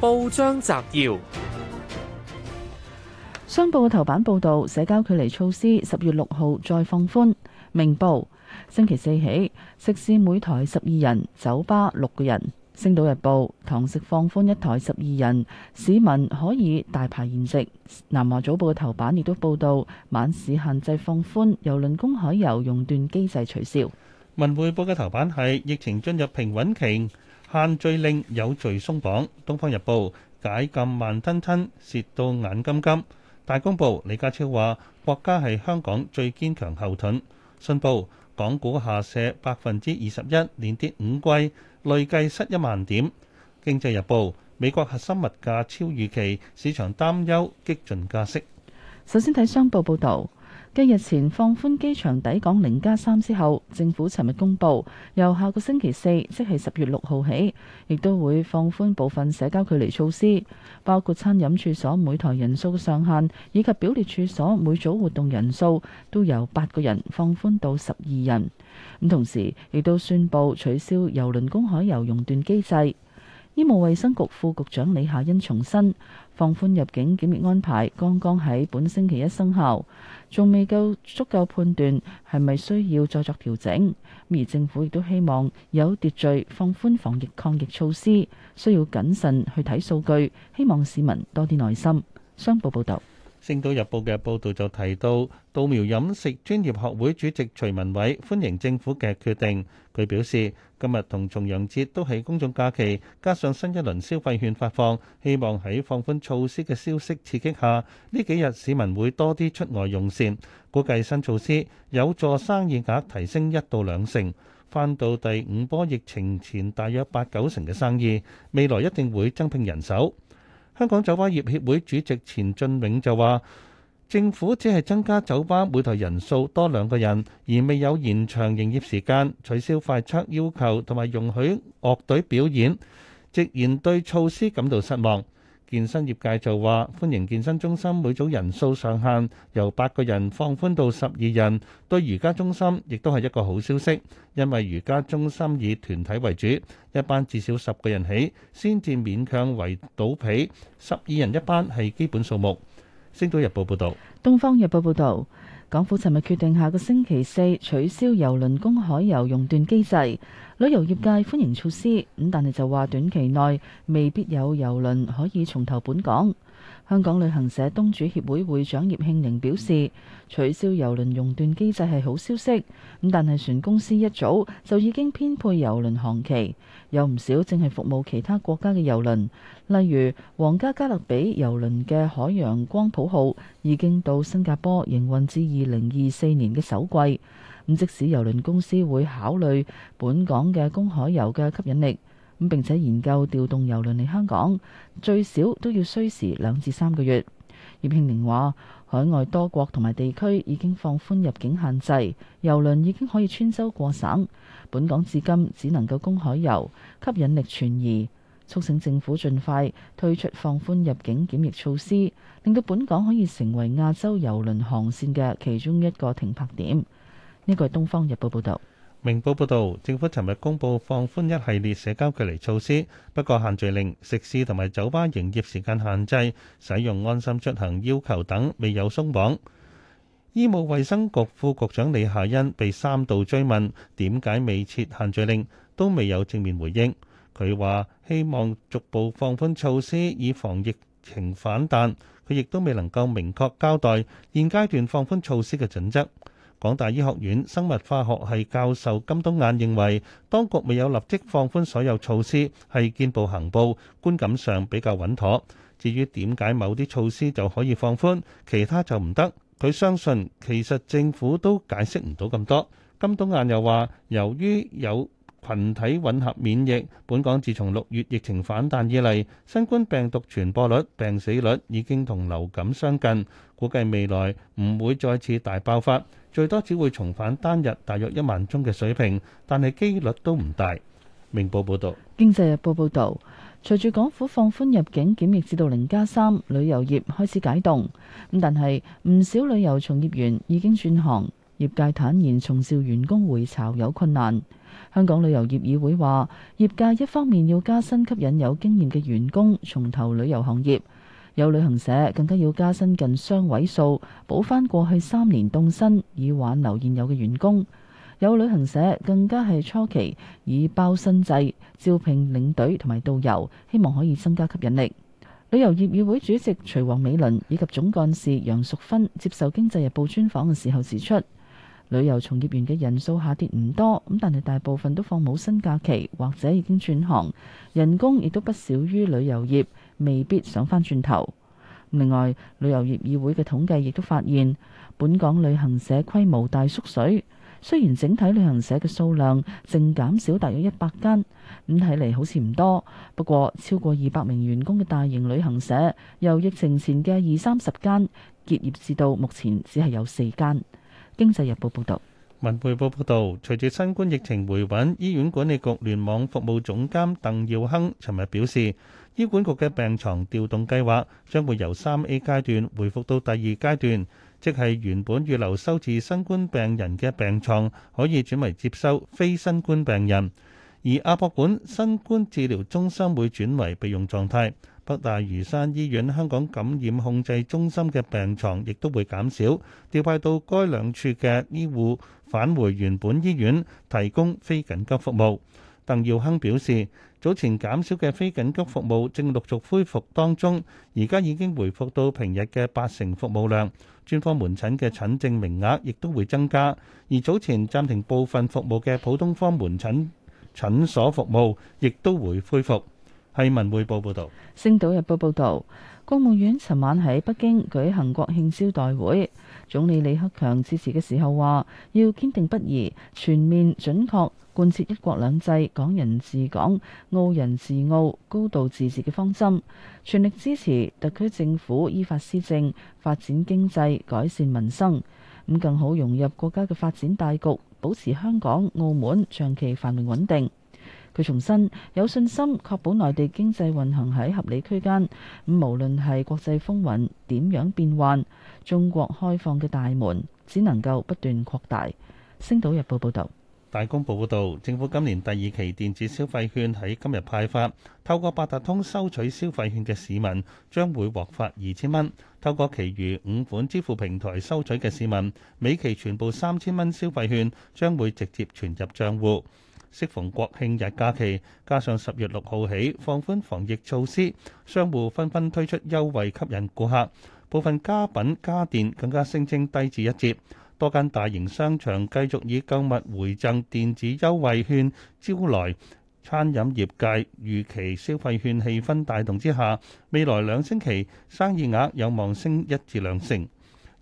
報章摘要：商報嘅頭版報道，社交距離措施十月六號再放寬。明報星期四起，食肆每台十二人，酒吧六個人。星島日報堂食放寬一台十二人，市民可以大排筵席。南華早報嘅頭版亦都報道，晚市限制放寬，郵輪公海遊熔斷機制取消。文匯報嘅頭版係疫情進入平穩期。限罪令有序鬆綁，《東方日報》解禁慢吞吞，蝕到眼金金。大公報李家超話：國家係香港最堅強後盾。信報港股下瀉百分之二十一，連跌五季，累計失一萬點。經濟日報美國核心物價超預期，市場擔憂激進加息。首先睇商報報道。繼日前放寬機場抵港零加三之後，政府尋日公布，由下個星期四，即係十月六號起，亦都會放寬部分社交距離措施，包括餐飲處所每台人數嘅上限，以及表列處所每組活動人數，都由八個人放寬到十二人。咁同時亦都宣布取消郵輪公海遊熔斷機制。醫務衛生局副局長李夏欣重申，放寬入境檢疫安排剛剛喺本星期一生效，仲未夠足夠判斷係咪需要再作調整。而政府亦都希望有秩序放寬防疫抗疫措施，需要謹慎去睇數據，希望市民多啲耐心。商報報道。星島日報嘅報道就提到，稻苗飲食專業學會主席徐文偉歡迎政府嘅決定。佢表示，今日同重陽節都係公眾假期，加上新一輪消費券發放，希望喺放寬措施嘅消息刺激下，呢幾日市民會多啲出外用膳。估計新措施有助生意額提升一到兩成，翻到第五波疫情前大約八九成嘅生意。未來一定會增聘人手。香港酒吧業協會主席錢俊永就話：政府只係增加酒吧每台人數多兩個人，而未有延長營業時間、取消快測要求同埋容許樂隊表演，直言對措施感到失望。健身業界就話歡迎健身中心每組人數上限由八個人放寬到十二人，對瑜伽中心亦都係一個好消息，因為瑜伽中心以團體為主，一班至少十個人起，先至勉強維到皮，十二人一班係基本數目。星島日報報導，東方日報報導。港府尋日決定下個星期四取消郵輪公海遊熔斷機制，旅遊業界歡迎措施，咁但係就話短期內未必有郵輪可以重投本港。香港旅行社東主協會會長葉慶寧表示，取消郵輪熔斷機制係好消息，咁但係船公司一早就已經編配郵輪航期，有唔少正係服務其他國家嘅郵輪，例如皇家加勒比郵輪嘅海洋光譜號已經到新加坡營運至二零二四年嘅首季，咁即使郵輪公司會考慮本港嘅公海遊嘅吸引力。咁並且研究調動郵輪嚟香港，最少都要需時兩至三個月。葉慶寧話：海外多國同埋地區已經放寬入境限制，郵輪已經可以穿州過省。本港至今只能夠公海遊，吸引力存疑。促請政府盡快推出放寬入境檢疫措施，令到本港可以成為亞洲郵輪航線嘅其中一個停泊點。呢個係《東方日報》報導。明報報導，政府尋日公布放寬一系列社交距離措施，不過限聚令、食肆同埋酒吧營業時間限制、使用安心出行要求等未有鬆綁。醫務衛生局副局長李夏茵被三度追問點解未設限聚令，都未有正面回應。佢話希望逐步放寬措施，以防疫情反彈。佢亦都未能夠明確交代現階段放寬措施嘅準則。港大醫學院生物化學系教授金冬雁認為，當局未有立即放寬所有措施，係見步行步，觀感上比較穩妥。至於點解某啲措施就可以放寬，其他就唔得，佢相信其實政府都解釋唔到咁多。金冬雁又話，由於有群體混合免疫，本港自從六月疫情反彈以嚟，新冠病毒傳播率、病死率已經同流感相近，估計未來唔會再次大爆發。最多只會重返單日大約一萬宗嘅水平，但係機率都唔大。明報報導，經濟日報報導，隨住港府放寬入境檢疫至到零加三，3，旅遊業開始解凍。咁但係唔少旅遊從業員已經轉行，業界坦言重召員工回巢有困難。香港旅遊業議會話，業界一方面要加薪吸引有經驗嘅員工重投旅遊行業。有旅行社更加要加薪近雙位數，補翻過去三年凍薪，以挽留現有嘅員工。有旅行社更加係初期以包薪制招聘領隊同埋導遊，希望可以增加吸引力。旅遊業議會主席徐王美倫以及總幹事楊淑芬接受《經濟日報》專訪嘅時候指出。旅遊從業員嘅人數下跌唔多，咁但係大部分都放冇薪假期或者已經轉行，人工亦都不少於旅遊業，未必想返轉頭。另外，旅遊業議會嘅統計亦都發現，本港旅行社規模大縮水，雖然整體旅行社嘅數量淨減少大約一百間，咁睇嚟好似唔多。不過，超過二百名員工嘅大型旅行社由疫情前嘅二三十間結業，至到目前只係有四間。經濟日報報道，文匯報報道，隨住新冠疫情回穩，醫院管理局聯網服務總監鄧耀亨尋日表示，醫管局嘅病床調動計劃將會由三 A 階段回復到第二階段，即係原本預留收治新冠病人嘅病床可以轉為接收非新冠病人，而亞博館新冠治療中心會轉為備用狀態。北大嶼山醫院香港感染控制中心嘅病床亦都會減少，調派到該兩處嘅醫護返回原本醫院提供非緊急服務。鄧耀亨表示，早前減少嘅非緊急服務正陸續恢復當中，而家已經回復到平日嘅八成服務量。專科門診嘅診症名額亦都會增加，而早前暫停部分服務嘅普通科門診診所服務，亦都會恢復。係文匯報報道，星島日報報道，國務院尋晚喺北京舉行國慶招待會，總理李克強致辭嘅時候話，要堅定不移、全面準確貫徹一國兩制、港人治港、澳人治澳、高度自治嘅方針，全力支持特區政府依法施政，發展經濟，改善民生，咁更好融入國家嘅發展大局，保持香港、澳門長期繁榮穩定。佢重申有信心確保內地經濟運行喺合理區間，咁無論係國際風雲點樣變幻，中國開放嘅大門只能夠不斷擴大。星島日報報道，大公報報道，政府今年第二期電子消費券喺今日派發，透過八達通收取消費券嘅市民將會獲發二千蚊，透過其餘五款支付平台收取嘅市民，每期全部三千蚊消費券將會直接存入賬戶。適逢國慶日假期，加上十月六號起放寬防疫措施，商戶紛紛推出優惠吸引顧客。部分家品、家電更加聲稱低至一折。多間大型商場繼續以購物回贈電子優惠券招來。餐飲業界，預期消費券氣氛帶動之下，未來兩星期生意額有望升一至兩成。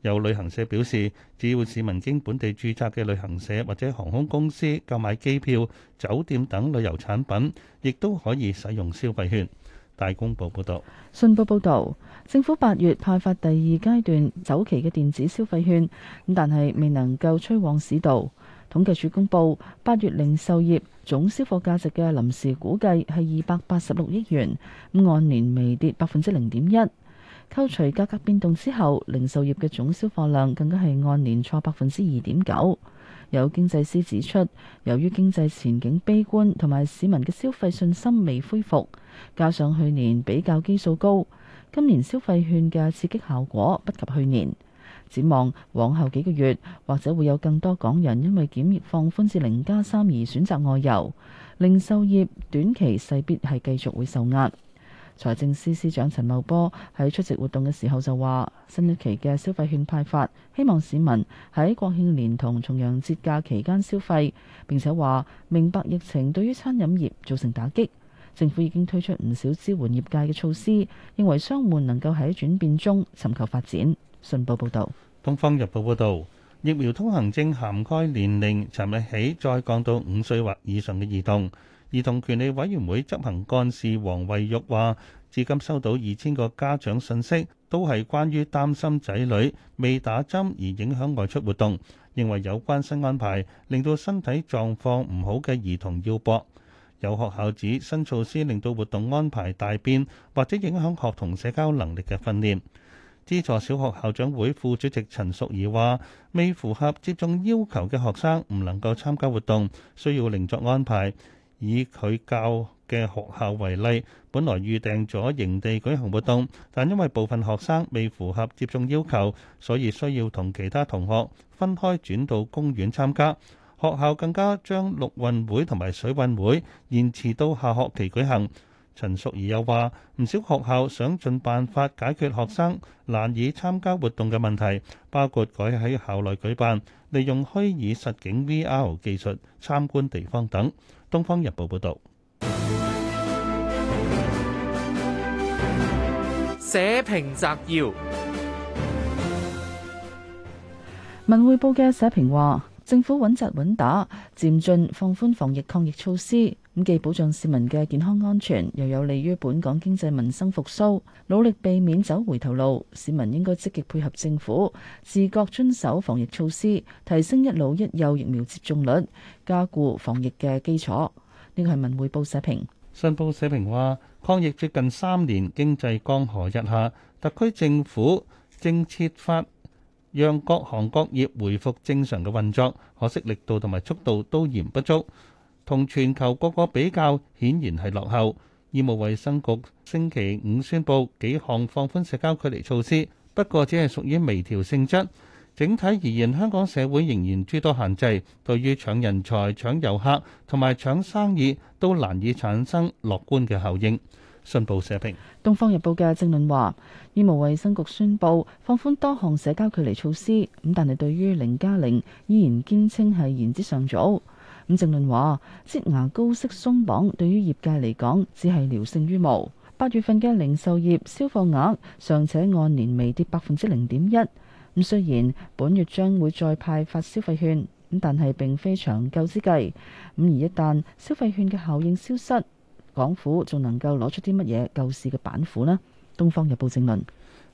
有旅行社表示，只要市民經本地註冊嘅旅行社或者航空公司購買機票、酒店等旅遊產品，亦都可以使用消費券。大公報報道，信報報道，政府八月派發第二階段走期嘅電子消費券，咁但係未能夠催旺市道。統計處公佈，八月零售業總銷貨價值嘅臨時估計係二百八十六億元，咁按年微跌百分之零點一。扣除價格變動之後，零售業嘅總銷貨量更加係按年挫百分之二點九。有經濟師指出，由於經濟前景悲觀同埋市民嘅消費信心未恢復，加上去年比較基數高，今年消費券嘅刺激效果不及去年。展望往後幾個月，或者會有更多港人因為檢疫放寬至零加三而選擇外遊，零售業短期勢必係繼續會受壓。財政司司長陳茂波喺出席活動嘅時候就話：新一期嘅消費券派發，希望市民喺國慶連同重陽節假期間消費。並且話明白疫情對於餐飲業造成打擊，政府已經推出唔少支援業界嘅措施，認為商戶能夠喺轉變中尋求發展。信報報導，《東方日報》報道：疫苗通行證涵蓋年齡，尋日起再降到五歲或以上嘅兒童。兒童權利委員會執行幹事王惠玉話，至今收到二千個家長信息，都係關於擔心仔女未打針而影響外出活動，認為有關新安排令到身體狀況唔好嘅兒童要搏。有學校指新措施令到活動安排大變，或者影響學童社交能力嘅訓練。資助小學校長會副主席陳淑儀話，未符合接種要求嘅學生唔能夠參加活動，需要另作安排。以佢教嘅學校為例，本來預定咗營地舉行活動，但因為部分學生未符合接種要求，所以需要同其他同學分開轉到公園參加。學校更加將陸運會同埋水運會延遲到下學期舉行。陳淑儀又話：唔少學校想盡辦法解決學生難以參加活動嘅問題，包括改喺校內舉辦，利用虛擬實境《東方日報》報道，社評摘要：文匯報嘅社評話，政府穩紮穩打，漸進放寬防疫抗疫措施。既保障市民嘅健康安全，又有利於本港經濟民生復甦，努力避免走回頭路。市民應該積極配合政府，自覺遵守防疫措施，提升一老一幼疫苗接種率，加固防疫嘅基礎。呢個係文匯報社評。信報社評話：抗疫接近三年，經濟江河日下，特區政府正設法讓各行各業回復正常嘅運作，可惜力度同埋速度都嫌不足。同全球各個比較，顯然係落後。醫務衛生局星期五宣布幾項放寬社交距離措施，不過只係屬於微調性質。整體而言，香港社會仍然諸多限制，對於搶人才、搶遊客同埋搶生意都難以產生樂觀嘅效應。信報社評，《東方日報》嘅正論話：醫務衛生局宣布放寬多項社交距離措施，咁但係對於零加零，0，依然堅稱係言之尚早。伍正論話，擠牙膏式鬆綁對於業界嚟講，只係聊勝於無。八月份嘅零售業銷貨額尚且按年微跌百分之零點一。咁雖然本月將會再派發消費券，咁但係並非長久之計。咁而一旦消費券嘅效應消失，港府仲能夠攞出啲乜嘢救市嘅板斧呢？《東方日報》正論。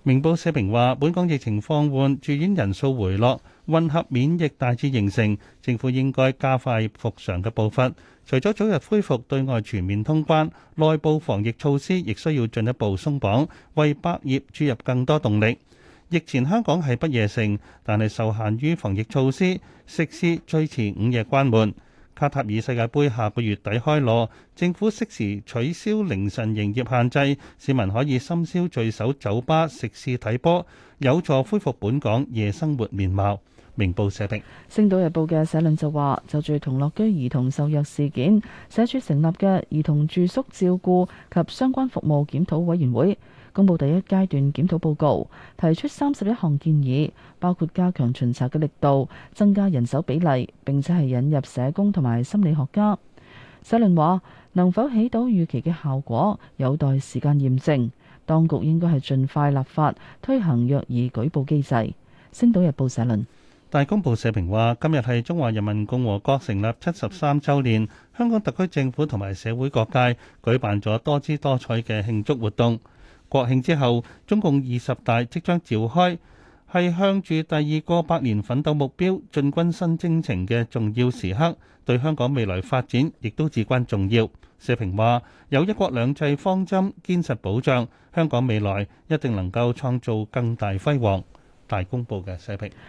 明報社評話：本港疫情放緩，住院人數回落，混合免疫大致形成，政府應該加快復常嘅步伐。除咗早日恢復對外全面通關，內部防疫措施亦需要進一步鬆綁，為百業注入更多動力。疫前香港係不夜城，但係受限於防疫措施，食肆最遲午夜關門。卡塔爾世界盃下個月底開鑼，政府適時取消凌晨營業限制，市民可以深宵聚首酒吧、食肆睇波，有助恢復本港夜生活面貌。明報社評，《星島日報》嘅社論就話就住同樂居兒童受虐事件，社署成立嘅兒童住宿照顧及相關服務檢討委員會公布第一階段檢討報告，提出三十一項建議，包括加強巡查嘅力度、增加人手比例，並且係引入社工同埋心理學家。社論話能否起到預期嘅效果，有待時間驗證，當局應該，係盡快立法推行虐兒舉報機制。《星島日報》社論。大公報社評話：今日係中華人民共和國成立七十三週年，香港特區政府同埋社會各界舉辦咗多姿多彩嘅慶祝活動。國慶之後，中共二十大即將召開，係向住第二個百年奮鬥目標進軍新征程嘅重要時刻，對香港未來發展亦都至關重要。社評話：有「一國兩制」方針堅實保障，香港未來一定能夠創造更大輝煌。大公報嘅社評。